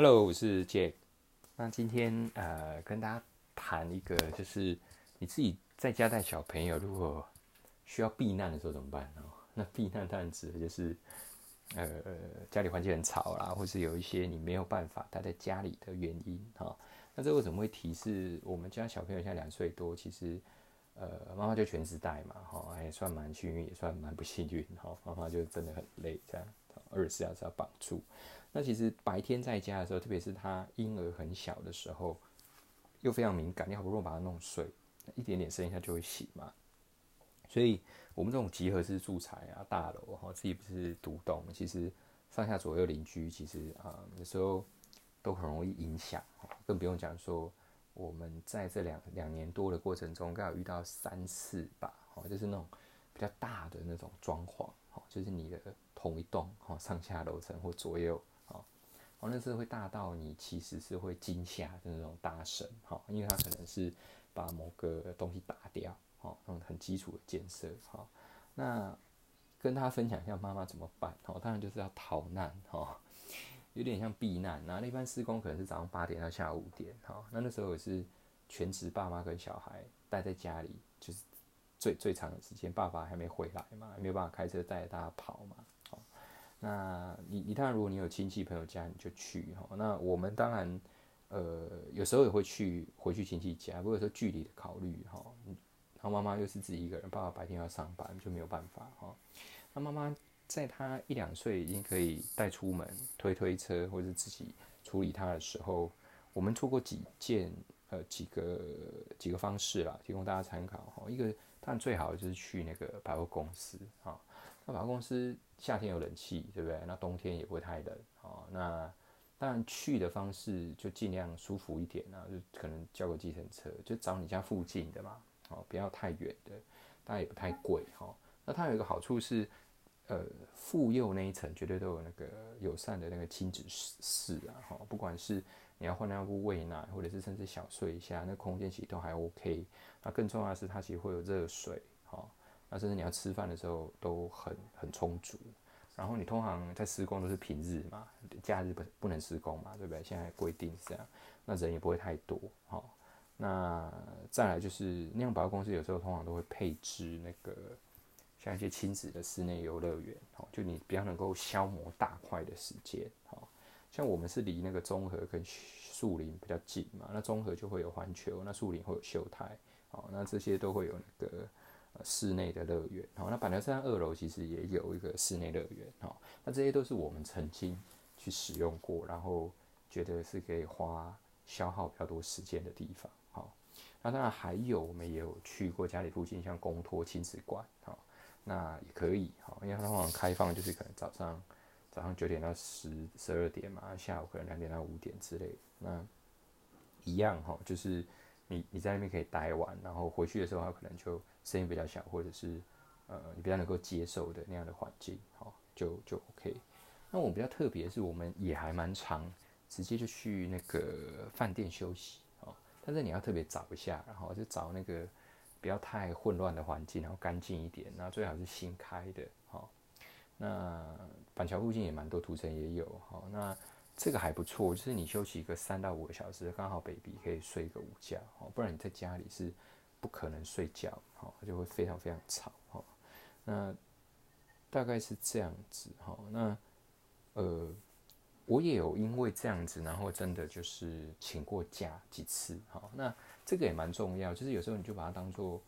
Hello，我是杰。那今天呃，跟大家談一個，就是你自己在家帶小朋友，如果需要避難的時候怎麼辦？哦、那避難當然指的就是呃，家裡環境很吵啦，或是有一些你沒有辦法待在家裡的原因哈、哦。那這為什麼會提示我們家小朋友現在兩歲多？其實呃，媽媽就全職帶嘛，哈、哦欸，也算蠻幸運，也算蠻不幸運，哈、哦，媽媽就真的很累這樣。二十四小時要綁住，那其實白天在家的時候，特別是他嬰兒很小的時候，又非常敏感，你好不容易把他弄睡，一點點聲音他就會醒嘛。所以，我們這種集合式住宅啊，大樓哈，自己不是獨棟，其實上下左右鄰居其實啊、嗯，有時候都很容易影響，更不用講說，我們在這兩兩年多的過程中，剛好遇到三次吧，就是那種比較大的那種裝潢。就是你的同一棟哈，上下樓層或左右哈，哦那時候會大到你其實是會驚嚇的那種大神哈，因為他可能是把某個東西打掉哦，那種很基礎的建設哈。那跟他分享一下媽媽怎麼辦哦，當然就是要逃難哈，有點像避難。那一般施工可能是早上八點到下午五點哈，那那時候也是全職爸媽跟小孩待在家裡，就是。最最長的時間，爸爸還沒回來嘛，還沒有辦法開車帶着大家跑嘛。哦、那你一旦如果你有親戚朋友家，你就去哈、哦。那我們當然，呃，有時候也會去回去親戚家，或者說距離的考慮哈。然後媽媽又是自己一個人，爸爸白天要上班，就沒有辦法哈、哦。那媽媽在她一兩歲已經可以帶出門推推車，或者是自己處理他的時候，我們做過幾件呃幾個幾個方式啦，提供大家參考哈、哦。一個。但最好就是去那個百貨公司、哦、那百貨公司夏天有冷氣，對不對？那冬天也不會太冷、哦、那但去的方式就盡量舒服一點，那就可能叫個計程車，就找你家附近的嘛，哦，不要太遠的，但也不太貴哈、哦。那它有一個好處是，呃，婦幼那一層絕對都有那個友善的那個親子室啊，哈、哦，不管是。你要換尿布、餵奶，或者是甚至小睡一下，那空間其實都還 OK。那更重要的是，它其實會有熱水，齁。那甚至你要吃飯的時候都很很充足。然後你通常在施工都是平日嘛，假日不不能施工嘛，對不對？現在規定是這樣，那人也不會太多，齁。那再來就是百貨公司有時候通常都會配置那個像一些親子的室內遊樂園，齁，就你比較能夠消磨大塊的時間，齁。像我們是離那個中和跟樹林比較近嘛，那中和就會有環球，那樹林會有秀泰，好，那這些都會有那個、呃、室內的樂園，好，那板橋山二樓其實也有一個室內樂園，好，那這些都是我們曾經去使用過，然後覺得是可以花消耗比較多時間的地方，好，那當然還有我們也有去過家裡附近像公托親子館，那也可以，因為它往往開放就是可能早上。早上九點到十十二點嘛，下午可能兩點到五點之類那一樣哈，就是你你在那邊可以待完，然後回去的時候，可能就聲音比較小，或者是呃你比較能夠接受的那樣的環境，好就就 OK。那我比較特別是，我們也還蠻長，直接就去那個飯店休息哦。但是你要特別找一下，然後就找那個不要太混亂的環境，然後乾淨一點，然後最好是新開的，好。那板橋附近也蠻多，土城也有哈。那這個還不錯，就是你休息一個三到五個小時，剛好 baby 可以睡個午覺哈。不然你在家裡是不可能睡覺哈，就會非常非常吵哈。那大概是這樣子哈。那呃，我也有因為這樣子，然後真的就是請過假幾次哈。那這個也蠻重要，就是有時候你就把它當做。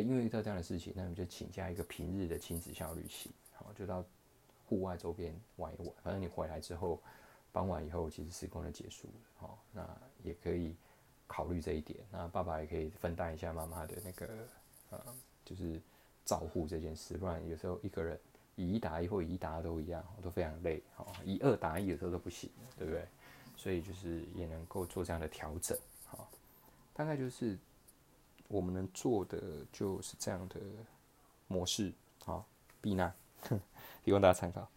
因為遇到這樣的事情，那我們就請假一個平日的親子小旅行，好，就到戶外周邊玩一玩。反正你回來之後，傍晚以後其實施工就結束了，好，那也可以考慮這一點。那爸爸也可以分擔一下媽媽的那個呃、啊，就是照護這件事。不然有時候一個人以一打一或以一打二都一樣，都非常累，好，以二打一有時候都不行，對不對？所以就是也能夠做這樣的調整，好，大概就是。我們能做的就是這樣的模式啊，避難，哼，提供大家參考。